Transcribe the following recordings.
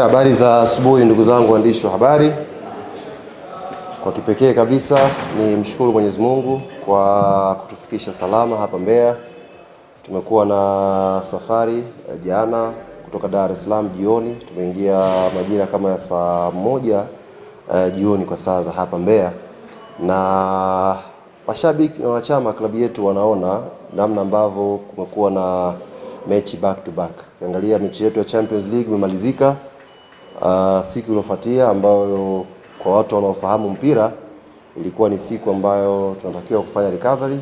Habari za asubuhi ndugu zangu waandishi wa habari. Kwa kipekee kabisa ni mshukuru Mwenyezi Mungu kwa kutufikisha salama hapa Mbeya. Tumekuwa na safari eh, jana kutoka Dar es Salaam jioni, tumeingia majira kama ya saa moja uh, jioni kwa saa za hapa Mbeya, na mashabiki na wachama klabu yetu wanaona namna ambavyo kumekuwa na mechi back to back. Ukiangalia mechi yetu ya Champions League imemalizika uh, siku iliyofuatia ambayo kwa watu wanaofahamu mpira ilikuwa ni siku ambayo tunatakiwa kufanya recovery,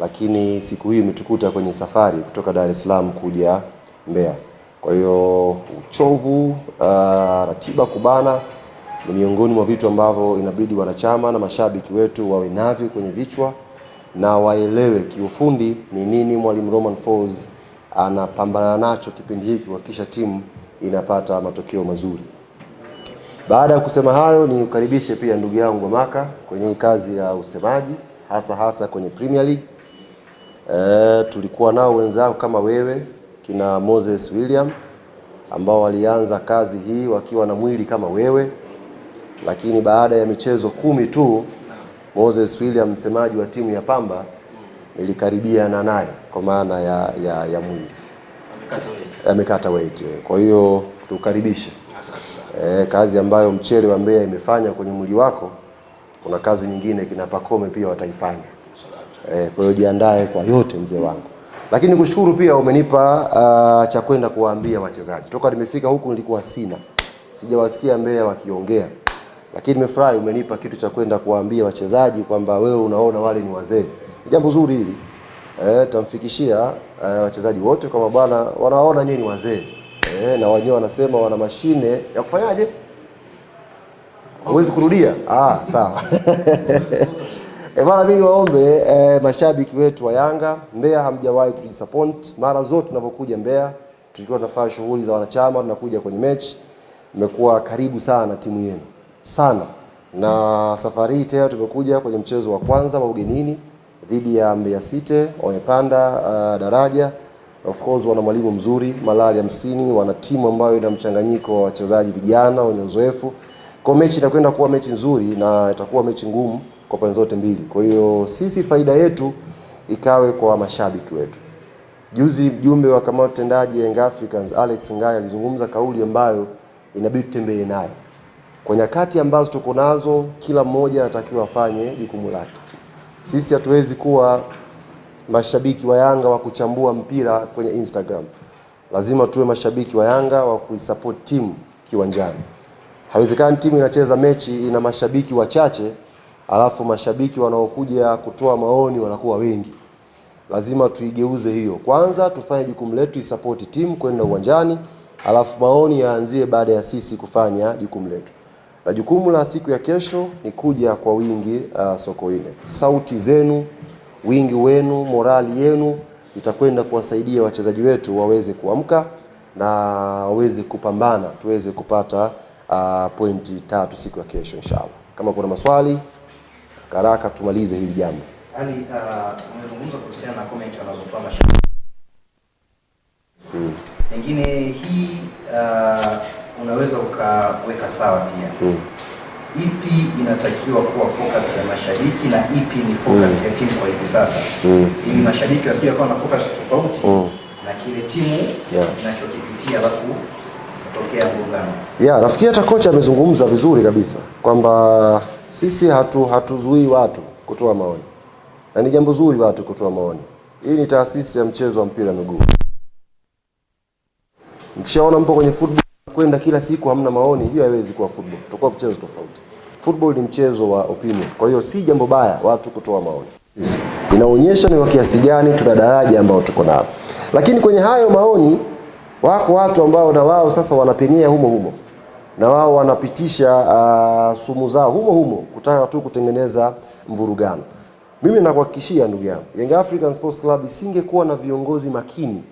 lakini siku hii imetukuta kwenye safari kutoka Dar es Salaam kuja Mbeya. Kwa hiyo uchovu, uh, ratiba kubana ni miongoni mwa vitu ambavyo inabidi wanachama na mashabiki wetu wawe navyo kwenye vichwa na waelewe kiufundi ni nini Mwalimu Roman Falls anapambana nacho kipindi hiki kuhakikisha timu inapata matokeo mazuri. Baada ya kusema hayo, ni ukaribishe pia ndugu yangu Maka kwenye kazi ya usemaji, hasa hasa kwenye Premier League. E, tulikuwa nao wenzao kama wewe kina Moses William ambao walianza kazi hii wakiwa na mwili kama wewe, lakini baada ya michezo kumi tu Moses William msemaji wa timu ya Pamba nilikaribia na naye kwa maana ya, ya, ya mwili amekata weight. Kwa hiyo tukaribishe e, kazi ambayo mchele wa Mbeya imefanya kwenye mwili wako, kuna kazi nyingine kina Pakome pia wataifanya e, kwa hiyo jiandae kwa yote mzee wangu, lakini kushukuru pia umenipa uh, cha kwenda kuwaambia wachezaji. Toka nimefika huku nilikuwa sina, sijawasikia Mbeya wakiongea, lakini nimefurahi umenipa kitu cha kwenda kuwaambia wachezaji kwamba wewe unaona wale ni wazee. Jambo zuri hili eh, tamfikishia eh, wachezaji wote kwa bwana, wanaona nyinyi ni wazee eh, na wenyewe wanasema wana mashine ya kufanyaje, huwezi kurudia. Ah, sawa E, eh, mara mimi waombe e, eh, mashabiki wetu wa Yanga Mbeya, hamjawahi kutudisappoint. Mara zote tunapokuja Mbeya, tulikuwa tunafanya shughuli za wanachama, tunakuja kwenye mechi, mmekuwa karibu sana timu yenu sana, na safari hii tena tumekuja kwenye mchezo wa kwanza wa ugenini dhidi ya Mbeya City wamepanda uh, daraja. Of course wana mwalimu mzuri Malali hamsini, wana timu ambayo ina mchanganyiko wa wachezaji vijana wenye uzoefu, kwa mechi inakwenda kuwa mechi nzuri na itakuwa mechi ngumu kwa pande zote mbili. Kwa hiyo sisi faida yetu ikawe kwa mashabiki wetu. Juzi mjumbe wa kamati tendaji Young Africans Alex Ngaya alizungumza kauli ambayo inabidi tutembee nayo kwa nyakati ambazo tuko nazo, kila mmoja anatakiwa afanye jukumu lake. Sisi hatuwezi kuwa mashabiki wa Yanga wa kuchambua mpira kwenye Instagram. Lazima tuwe mashabiki wa Yanga wa kuisupport timu kiwanjani. Haiwezekani timu inacheza mechi ina mashabiki wachache alafu mashabiki wanaokuja kutoa maoni wanakuwa wengi. Lazima tuigeuze hiyo. Kwanza tufanye jukumu letu isupport timu kwenda uwanjani, alafu maoni yaanzie baada ya sisi kufanya jukumu letu na jukumu la siku ya kesho ni kuja kwa wingi uh, Sokoine. Sauti zenu, wingi wenu, morali yenu itakwenda kuwasaidia wachezaji wetu waweze kuamka na waweze kupambana, tuweze kupata uh, pointi tatu siku ya kesho inshallah. Kama kuna maswali haraka, tumalize hili jambo. Ali, uh, umezungumza kuhusiana na comment wanazotoa mashabiki. Hmm. Pengine hii uh, unaweza ukaweka sawa pia mm. Ipi inatakiwa kuwa focus ya mashabiki na ipi ni focus mm. ya timu kwa hivi sasa mm. ili mashabiki wasije wakawa na focus tofauti mm. na kile timu yeah. inachokipitia alafu kutokea mgongano. Yeah, nafikiri hata kocha amezungumza vizuri kabisa kwamba sisi hatu hatuzuii watu kutoa maoni na ni jambo zuri watu kutoa maoni. Hii ni taasisi ya mchezo wa mpira miguu. Mkishaona mpo kwenye football kwenda kila siku hamna maoni, hiyo haiwezi kuwa football, tutakuwa mchezo tofauti. Football ni mchezo wa opinion, kwa hiyo si jambo baya watu kutoa maoni. Inaonyesha ni kwa kiasi gani tuna daraja ambayo tuko nalo, lakini kwenye hayo maoni wako watu ambao na wao sasa wanapenia humo humo na wao wanapitisha uh, sumu zao humo humo kutaka tu kutengeneza mvurugano. Mimi nakuhakikishia ndugu yangu, Young African Sports Club isingekuwa na viongozi makini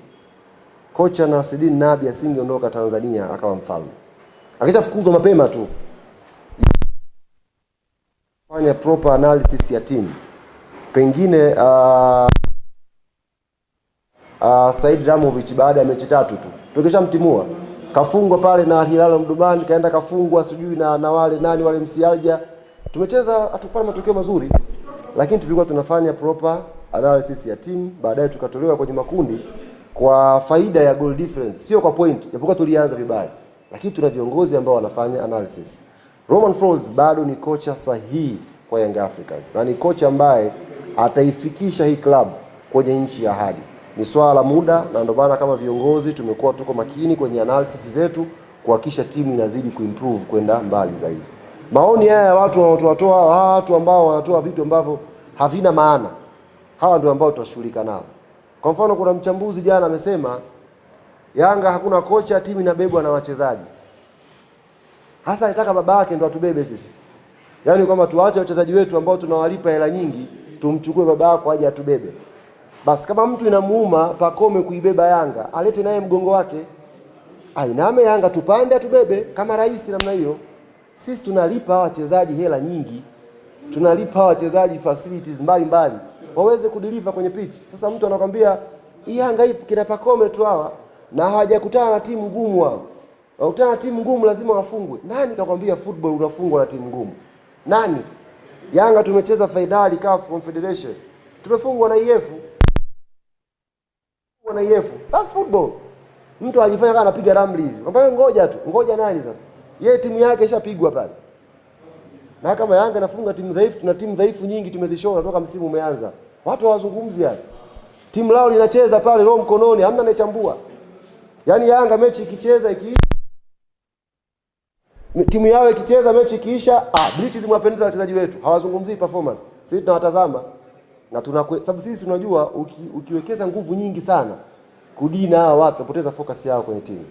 kocha Nasreddin Nabi asingeondoka Tanzania akawa mfalme. Akishafukuzwa mapema tu, fanya proper analysis ya team pengine uh, uh, Said Ramovic baada ya mechi tatu tu tukishamtimua kafungwa pale na Hilal Omdurman, kaenda kafungwa sijui na, na wale nani wale msialja. Tumecheza hatupata matokeo mazuri, lakini tulikuwa tunafanya proper analysis ya team. baadaye tukatolewa kwenye makundi kwa faida ya goal difference, sio kwa point, japokuwa tulianza vibaya, lakini tuna viongozi ambao wanafanya analysis. Roman Falls bado ni kocha sahihi kwa Young Africans na ni kocha ambaye ataifikisha hii club kwenye nchi ya hadi. Ni swala la muda, na ndio maana kama viongozi tumekuwa tuko makini kwenye analysis zetu kuhakikisha timu inazidi kuimprove kwenda mbali zaidi. Maoni haya ya watu wanaotoa watu ambao wanatoa vitu ambavyo havina maana, hawa ndio ambao tunashughulika nao. Kwa mfano, kuna mchambuzi jana amesema Yanga hakuna kocha, timu inabebwa na wachezaji. Hasa alitaka baba yake ndo atubebe sisi, yaani kwamba tuwaache wachezaji wetu ambao tunawalipa hela nyingi, tumchukue baba yako aje atubebe. Basi kama mtu inamuuma Pakome kuibeba Yanga, alete naye mgongo wake, ainame Yanga tupande, atubebe kama rais namna hiyo. Sisi tunalipa wachezaji hela nyingi, tunalipa wachezaji facilities mbalimbali mbali waweze kudeliver kwenye pitch. Sasa mtu anakwambia Yanga ipo kina Pakome tu hawa na hawajakutana na timu ngumu wao. Wakutana na timu ngumu lazima wafungwe. Nani kakwambia football unafungwa na timu ngumu? Nani? Yanga tumecheza fainali CAF Confederation. Tumefungwa na IF. E Tumefungwa Na IF. E That's football. Mtu ajifanya kama anapiga ramli hivi. Kwamba ngoja tu. Ngoja nani sasa? Yeye timu yake ishapigwa pale. Na kama Yanga nafunga timu dhaifu, tuna timu dhaifu nyingi tumezishona toka msimu umeanza. Watu hawazungumzi hayo. Timu lao linacheza pale, roho mkononi, hamna anayechambua. Yaani Yanga mechi ikicheza iki timu yao ikicheza mechi ikiisha, ah, blitz zimwapendeza wachezaji wetu, hawazungumzi performance. Sisi tunawatazama na tuna sababu sisi tunajua uki, ukiwekeza nguvu nyingi sana kudina hawa watu tunapoteza focus yao kwenye timu.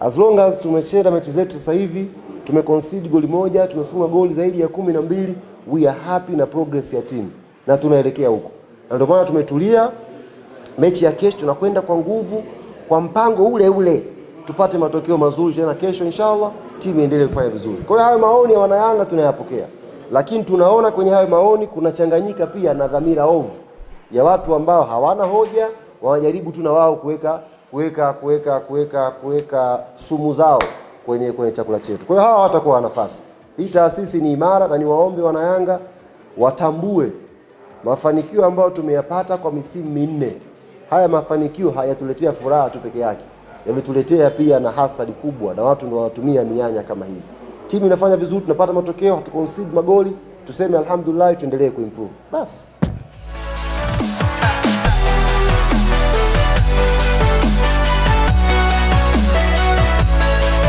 As long as tumecheza mechi zetu sasa hivi tume concede goli moja, tumefunga goli zaidi ya kumi na mbili, we are happy na progress ya timu na tunaelekea huko na ndio maana tumetulia. Mechi ya kesho tunakwenda kwa nguvu, kwa mpango ule ule, tupate matokeo mazuri tena kesho, inshallah timu iendelee kufanya vizuri. Kwa hiyo hayo maoni ya wanayanga tunayapokea, lakini tunaona kwenye hayo maoni kunachanganyika pia na dhamira ovu ya watu ambao hawana hoja, wanajaribu tu na wao kuweka kuweka kuweka kuweka kuweka sumu zao kwenye kwenye chakula chetu. Kwa hiyo hawa watakuwa na nafasi. Hii taasisi ni imara, na niwaombe wanayanga watambue mafanikio ambayo tumeyapata kwa misimu minne, haya mafanikio hayatuletea furaha tu peke yake, yametuletea pia na hasadi kubwa, na watu ndio wanatumia mianya kama hii. Timu inafanya vizuri, tunapata matokeo, hatuconcede magoli, tuseme alhamdulillah, tuendelee kuimprove basi.